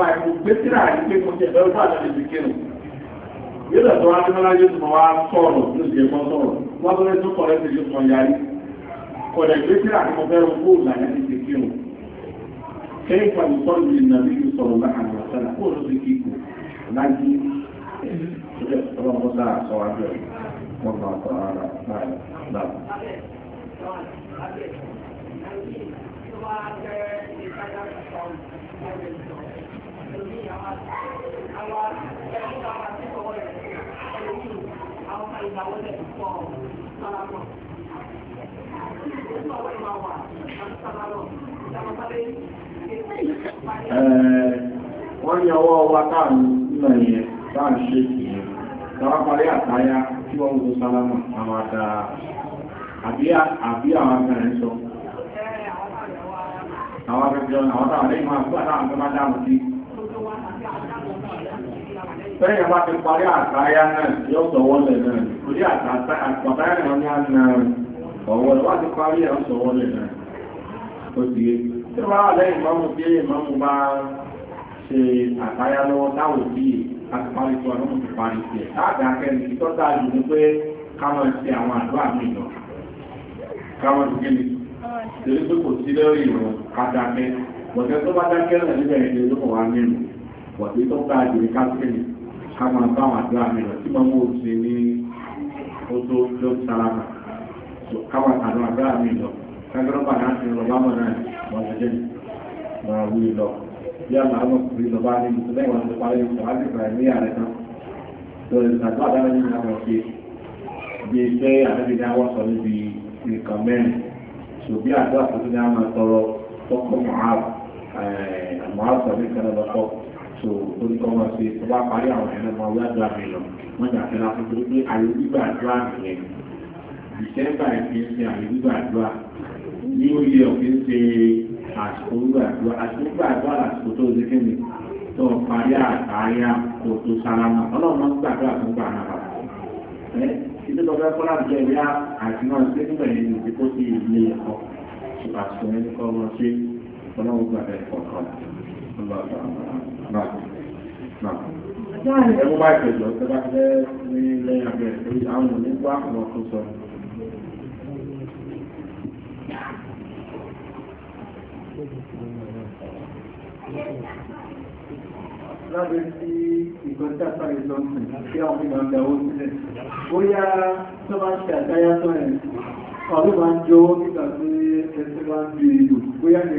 Báyìí pé tí náà rí pé mo jẹ́ ẹ̀rọ bá àjọ ìbí kírun. Yóò tó wá nínú láyé tó wá sọ̀rọ̀ ní ìdí ẹ̀kọ́ sọ̀rọ̀. Wọ́n tó lé tó kọ̀ lẹ́sẹ̀ yóò sọ yarí. Kọ̀dẹ̀ pé tí náà rí mo fẹ́ ro kó làyé ti ti kírun. Kẹ́yìn pàdé sọ́ọ̀lù ìnàbí yóò sọ̀rọ̀ bá àwọn ọ̀sán kó ló ti kíkù láyé. Ọlọ́run sáà sọ wájú ẹ̀ Eh, wọ́n ní ọwọ́ ọwá táàrù nínú ìyẹn táà ń ṣe ìyẹn tàbá parí àtàyá tí wọ́n gbogbo sálámà àwọn àdá àbí àwọn akẹrin sọ àwọn akẹrin àwọn táàrù lẹ́yìn máa gbọ́ àtàwọn Fẹ́yìn bá ti parí àtàyà náà yóò sọ̀wọ́lẹ̀ náà, kò rí àtàyà náà ní àná ọ̀wọ́lẹ̀ wá ti parí ẹ̀ sọ̀wọ́lẹ̀ náà. Ó ti yé. Tí wọ́n wà lẹ́yìn mọ́mú bí mọ́mú bá ṣe àtàyà lọ́wọ́ táwọn òbí àti parí tó ọdún ti parí sí ẹ̀. Láàdá akẹ́ni ti tọ́ dáa jù ní pé káwọn ti àwọn àdúrà mi lọ. Káwọn ti gbé Torí pé kò sí lórí ìrọ̀ kádákẹ́. Bọ̀dẹ́ tó wọ̀tí tó bá àjèrè káàkiri káàmà báwọn àdúrà mẹ́rọ tí wọ́n mú sí ní oṣù tó sálámà káwọn àdúrà àdúrà mẹ́rọ kágbọ́n bá náà ti rọ̀ bámọ̀ náà wọ́n ti jẹ́ máa wú lọ bí àwọn àwọn ọkùnrin lọ bá ní ìṣẹ́lẹ̀ wọn ti parí ìṣọ̀ láti gbà ní ààrẹ kan tó lè sàtọ́ àdára ní ìlànà so torí kọ́ wọ́n ṣe tó bá parí àwọn ẹ̀rọ ọmọ wíwá dùn àmì lọ wọ́n jà fẹ́ láti torí pé àyè gbígbà àdúrà nìyẹn ìṣẹ́gbà ìfi ń ṣe àyè gbígbà àdúrà ní oyè ọ̀fin ṣe àsìkò gbígbà àdúrà àsìkò gbígbà àdúrà làsìkò tó ṣe kí ni tó parí àtàyà kò tó sáramà ọlọ́run máa ń gbàdúrà tó gbà náà bàbá ẹ títí lọ́gbẹ́ fọ́lá jẹ́ ìyá àti náà ṣé ẹ̀mú bá ìpẹ̀jọ́ tó bá fẹ́ ní lẹ́yìn abẹ́ torí àwọn onígbà àwọn tó sọ. Lábẹ́ sí ìgbọ́njà sáré lọ́sìn tí àwọn ìgbà ń dáwó sílẹ̀. Bóyá tó bá ń ṣe àdáyá tó ẹ̀ ọdún máa ń jọ nígbà tí ẹsẹ̀ máa ń bí ìlú bóyá ní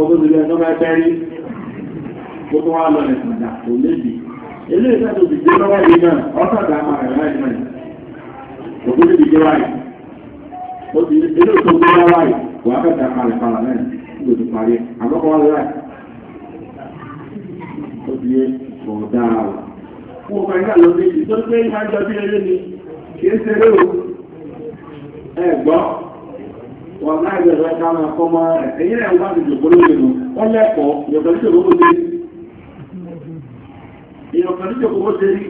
ọdún ilẹ̀ ẹ̀nà máa tẹ́rí ó wá lọ ẹ̀sìnà tó lébi ilé ìsẹ́tò ti jẹ́ lọ́wọ́ yìí náà ọ́sàdá máa rẹ̀ láì mẹ́rin ti jẹ́ ó ti ilé tó wà á fẹ́ta mẹ́rin ti parí wá lọ́wọ́ ó ti yé rẹ̀ fún ọkọ̀ bí wọ́n máa yẹ ẹ̀rọ ẹ̀ka máa kọ́ máa ẹ̀yẹ rẹ̀ wọ́n ti jòkó lórí nù wọ́n lẹ́kọ̀ọ́ ìyọ̀kan tí jòkó ṣe rí ìyọ̀kan tí jòkó ṣe rí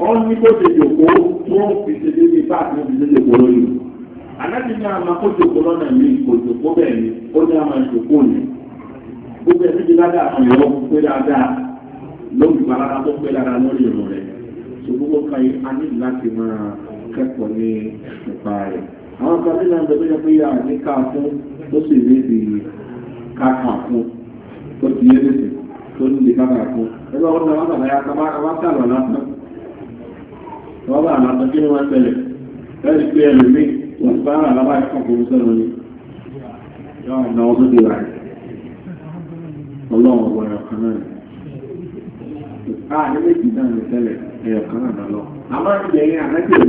wọ́n ní kó ṣe jòkó tó ń fi ṣe débi bá àti ó fi ṣe jòkó lórí nù aláàbí ní àmà kó jòkó lọ́nà mi kò jòkó bẹ́ẹ̀ ni ó ní àmà jòkó ni gbogbo ẹ̀sìn ti ládàá àwọn ìyọ̀ pé dáadáa lórí ìpalára tó pé a ní láti máa kẹ́kọ̀ọ́ ní ìpa rẹ̀ àwọn kan tí lẹ́nu tó yẹ pé yà ní ká fún tó sì rí ibi káka fún tó ti yé lèsì tó ní ibi káka fún ẹgbẹ́ ọ̀hún náà wọ́n bàbá ya kábá kábá sàlọ̀ lásán wọ́n bá àlàtọ̀ kí ni wọ́n tẹ̀lẹ̀ lẹ́yìn pé ẹlòmíì wọ́n bá àlàbá ẹ̀kọ́ kò ní sẹ́nu ni yọ ọ̀nà ọdún ti wà ọlọ́run ọ̀wọ̀ ẹ̀kan náà ni a ní méjì náà ní tẹ́lẹ̀ ẹ̀kan náà